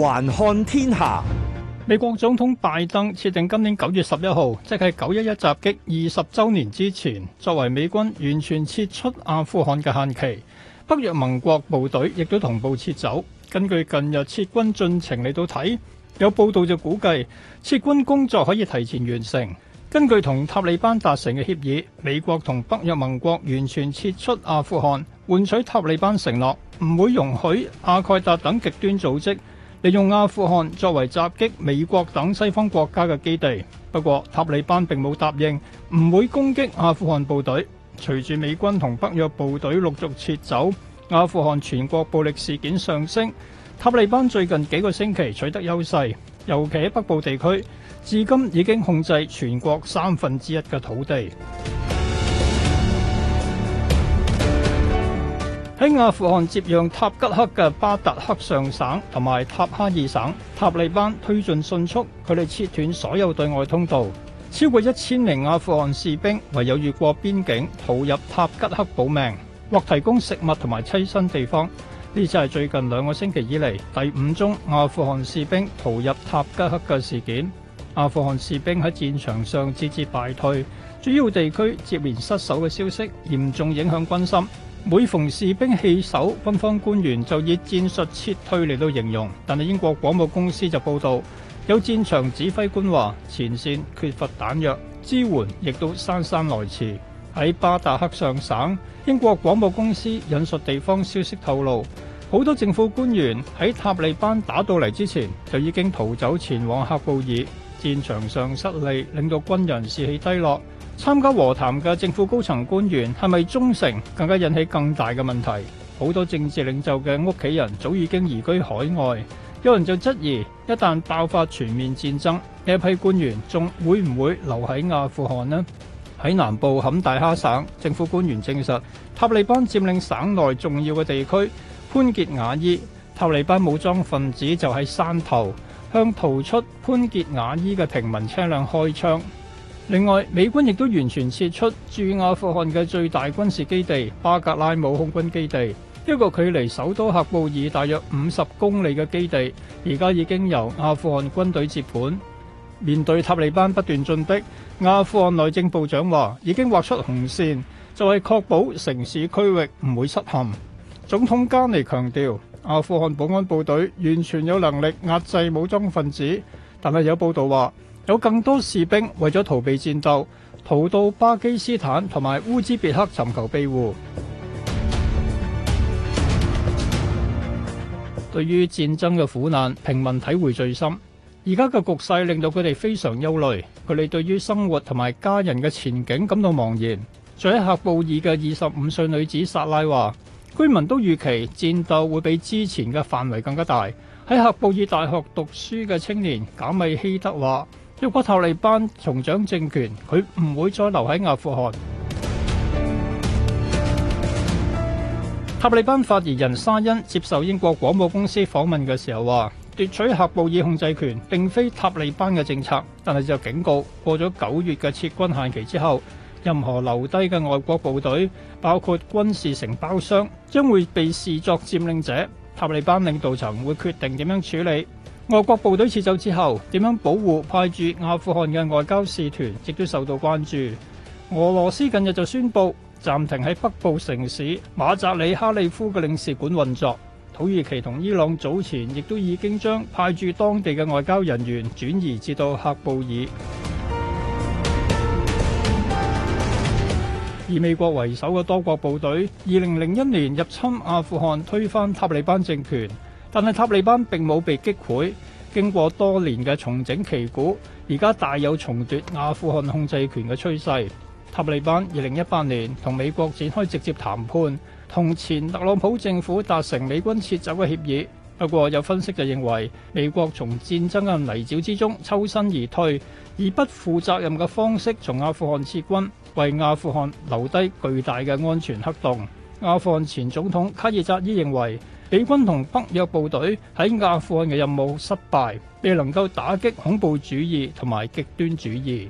環看天下，美國總統拜登設定今年九月十一號，即係九一一襲擊二十周年之前，作為美軍完全撤出阿富汗嘅限期。北約盟國部隊亦都同步撤走。根據近日撤軍進程嚟到睇，有報道就估計撤軍工作可以提前完成。根據同塔利班達成嘅協議，美國同北約盟國完全撤出阿富汗，換取塔利班承諾唔會容許阿蓋達等極端組織，利用阿富汗作為襲擊美國等西方國家嘅基地。不過，塔利班並冇答應，唔會攻擊阿富汗部隊。隨住美軍同北約部隊陸續撤走，阿富汗全國暴力事件上升，塔利班最近幾個星期取得優勢，尤其喺北部地區至今已經控制全國三分之一嘅土地。喺阿富汗接壤塔吉克嘅巴達克尚省同埋塔哈爾省，塔利班推進迅速，佢哋切斷所有對外通道，超過一千名阿富汗士兵唯有越過邊境逃入塔吉克保命，或提供食物同埋棲身地方。呢就係最近兩個星期以嚟第五宗阿富汗士兵逃入塔吉克嘅事件。阿富汗士兵喺戰場上節節敗退，主要地區接連失守嘅消息嚴重影響軍心。每逢士兵棄守，軍方官員就以戰術撤退嚟到形容。但係英國廣播公司就報道，有戰場指揮官話：前線缺乏彈藥，支援亦都姍姍來遲。喺巴達克上省，英國廣播公司引述地方消息透露，好多政府官員喺塔利班打到嚟之前，就已經逃走前往喀布爾。戰場上失利，令到軍人士氣低落。參加和談嘅政府高層官員係咪忠誠，更加引起更大嘅問題。好多政治領袖嘅屋企人早已經移居海外。有人就質疑，一旦爆發全面戰爭，呢批官員仲會唔會留喺阿富汗呢？喺南部坎大哈省，政府官員證實塔利班佔領省內重要嘅地區潘傑瓦伊。塔利班武裝分子就喺山頭向逃出潘傑瓦伊嘅平民車輛開槍。另外，美軍亦都完全撤出駐阿富汗嘅最大軍事基地巴格拉姆空軍基地，一個距離首都喀布爾大約五十公里嘅基地，而家已經由阿富汗軍隊接管。面對塔利班不斷進逼，阿富汗內政部長話已經劃出紅線，就係、是、確保城市區域唔會失陷。總統加尼強調，阿富汗保安部隊完全有能力壓制武裝分子，但係有報道話，有更多士兵為咗逃避戰鬥，逃到巴基斯坦同埋烏茲別克尋求庇護。對於戰爭嘅苦難，平民體會最深。而家嘅局勢令到佢哋非常憂慮，佢哋對於生活同埋家人嘅前景感到茫然。住喺喀布爾嘅二十五歲女子薩拉話：居民都預期戰鬥會比之前嘅範圍更加大。喺喀布爾大學讀書嘅青年賈米希德話。如果塔利班重掌政權，佢唔會再留喺阿富汗。塔利班發言人沙欣接受英國廣播公司訪問嘅時候話：奪取喀布爾控制權並非塔利班嘅政策，但係就警告過咗九月嘅撤軍限期之後，任何留低嘅外國部隊，包括軍事承包商，將會被視作佔領者。塔利班領導層會決定點樣處理。外國部隊撤走之後，點樣保護派駐阿富汗嘅外交使團，亦都受到關注。俄羅斯近日就宣布暫停喺北部城市馬扎里哈利夫嘅領事館運作。土耳其同伊朗早前亦都已經將派駐當地嘅外交人員轉移至到喀布爾。以美國為首嘅多國部隊，二零零一年入侵阿富汗，推翻塔利班政權。但係塔利班並冇被擊潰，經過多年嘅重整旗鼓，而家大有重奪阿富汗控制權嘅趨勢。塔利班二零一八年同美國展開直接談判，同前特朗普政府達成美軍撤走嘅協議。不過有分析就認為，美國從戰爭嘅泥沼之中抽身而退，以不負責任嘅方式從阿富汗撤軍，為阿富汗留低巨大嘅安全黑洞。阿富汗前總統卡爾扎伊認為，美軍同北約部隊喺阿富汗嘅任務失敗，未能夠打擊恐怖主義同埋極端主義。